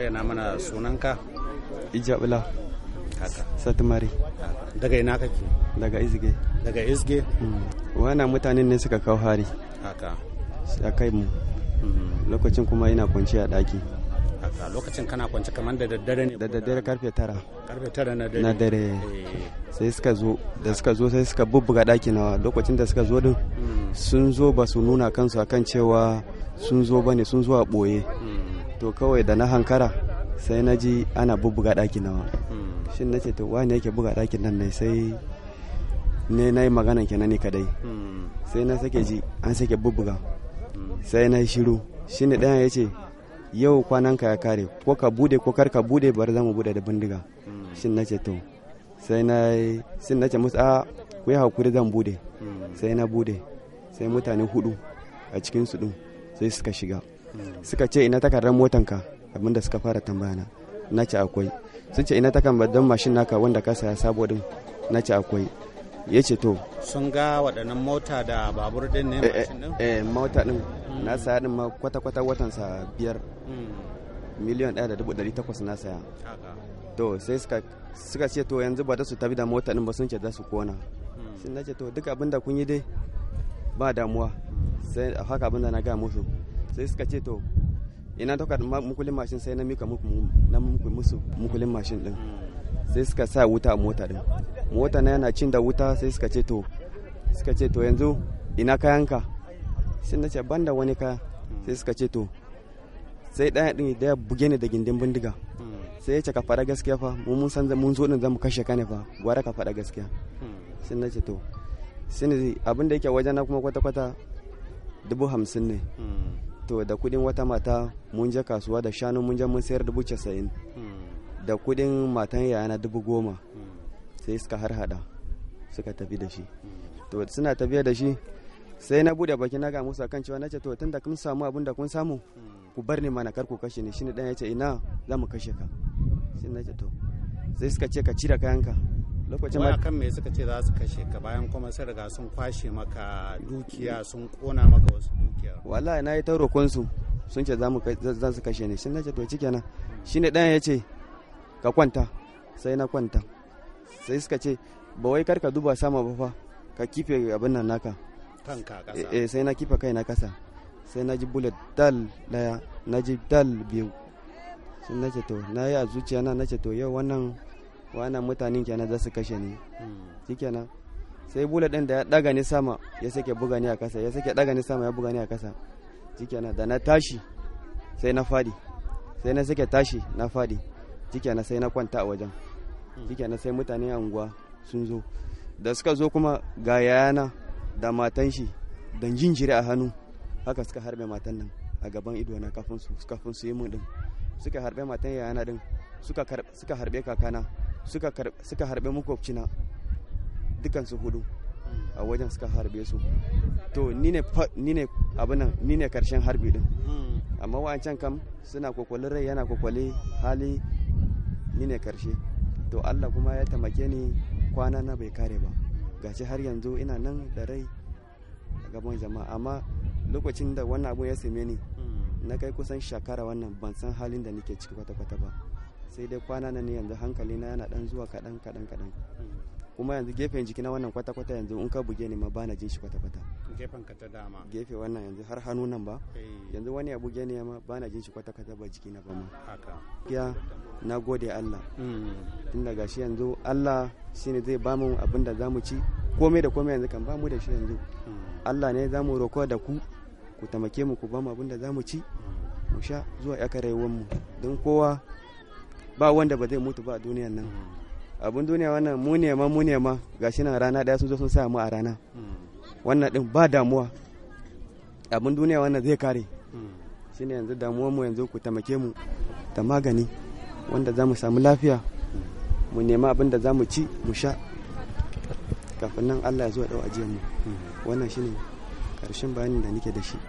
bayyana mana sunanka ijabula haka satumari daga ina kake daga izge daga izge mm. wannan mutanen ne suka kawo hari haka sai kai mu mm. lokacin kuma ina kwanci a daki haka lokacin kana kwanci kamar da daddare ne da daddare karfe tara karfe tara na dare na dare eh. sai suka zo da suka zo sai suka bubbuga daki na lokacin da suka zo din mm. sun zo ba su nuna kansu akan cewa sun zo bane sun zo a boye to kawai da na hankara sai na ji ana bubbuga ɗakin nawa hmm. shin na ce to wani yake buga ɗakin nan ne sai ne na yi magana kenan ni kadai hmm. sai na sake ji an sake bubbuga hmm. sai na yi shiru shi ne ya ce yau kwananka ya kare ko ka bude ko kar ka bude bari za mu bude da bindiga shin na ce to sai na shin na ce musu a ku yi hakuri zan bude sai na bude sai mutane hudu a cikin su ɗin sai suka shiga suka ce ina takardar motanka abinda suka fara tambaya na ce akwai sun ce ina takardar mashin naka wanda ka saya sabo din na ce akwai ya ce to sun ga waɗannan mota da babur din ne eh, eh, mashin din eh mota din hmm. na saya din ma kwata kwata watan sa biyar hmm. miliyan ɗaya da dubu ɗari takwas na saya to sai suka ce to yanzu ba da su tafi da mota din ba sun ce za su kona hmm. sun na ce to duk abinda kun yi dai ba damuwa sai a haka abinda na ga musu sai suka ce to ina dauka mukulin mashin sai na mika musu mukulin mashin din sai suka sa wuta a mota din mota na yana cin da wuta sai suka ce to suka ce to yanzu ina kayanka sai na ce banda wani kaya sai suka ce to sai ɗaya ɗin da ya buge ni da gindin bindiga sai ya ce ka faɗa gaskiya fa mu mun san mun zo din zamu kashe ka ne fa gwara ka faɗa gaskiya sai na ce to sai abin da yake wajen na kuma kwata-kwata dubu hamsin ne to da kudin wata mata mun je kasuwa da shanu mun je mun sayar dubu casa'in hmm. da kudin matan na dubu goma hmm. sai suka harhada suka tafi da shi hmm. to suna tafiya da shi sai na bude baki na ga musa kan cewa nace to tunda kun samu abin da kun samu ku bar ni mana kar ku kashe ni shine dan yace ina za mu kashe ka sai nace to sai suka ce ka cire kayanka lokacin ba kan me suka ce za su kashe ka bayan kuma sun riga sun kwashe maka dukiya sun kona maka wasu dukiya wallahi na yi ta su sun ce za su kashe ni shin nace to shi shine dan ya ce ka kwanta sai na kwanta sai suka ce ba wai karka duba sama ba fa ka kife abin nan naka kanka kasa eh, eh sai na kifa kai na kasa sai na ji bullet dal daya na ji dal biyu sun nace to na yi a zuciya na nace to yau wannan wannan mutanen kenan za su kashe ni hmm. kenan sai bula din da ya daga ni sama ya sake buga ni a kasa ya sake daga ni sama ya buga ni a kasa kenan da na tashi sai na fadi sai na sake tashi na fadi kenan sai na kwanta a wajen hmm. kenan sai mutane unguwa sun zo da suka zo kuma ga yayana da matan shi da jinjiri a hannu haka suka harbe matan nan a gaban ido na kafin su kafin su yi mun din suka harbe matan yayana din suka harbe kakana suka harbe makwabcina dukansu hudu a wajen suka harbe su to ni ne abinan ni ne karshen harbi din hmm. amma wa'ancan kam suna kwakwalin rai yana kwakwale hali ni ne karshe to allah kuma ya tamake ni kwana na bai kare ba gashi har yanzu ina nan da rai a gaban jama'a amma lokacin da wannan abu ya same ni hmm. na kai kusan shakara wannan ban san halin da nake ciki kwata-kwata ba sai dai kwana nan ne yanzu hankali na yana dan zuwa kadan kadan kadan kuma yanzu gefen jiki na wannan kwata kwata yanzu in ka buge ni ma bana jin shi kwata kwata gefen ka ta dama gefe wannan yanzu har hannu nan ba eh. yanzu wani ya buge ni ma bana jin shi kwata kwata ba jiki na ba ma haka ya na gode Allah hmm. tun daga shi yanzu Allah shine zai bamu abin da zamu ci komai da komai yanzu kan bamu da shi yanzu hmm. Allah ne zamu roko da ku ku tamake mu ku bamu abin da zamu ci hmm. mu sha zuwa yakarewan mu don kowa ba wanda ba zai mutu ba a duniyan nan hmm. abun duniya wannan mu ne mu ne ma gashi nan rana daya sun zo sun sa mu a rana hmm. wannan din ba damuwa abun duniya wannan zai kare hmm. shine yanzu damuwar mu yanzu ku tamake mu da magani wanda za mu samu lafiya mu nema abin da za mu ci mu sha kafin nan allah ya zo ya dau ajiyar mu wannan shine karshen bayanin da nake da shi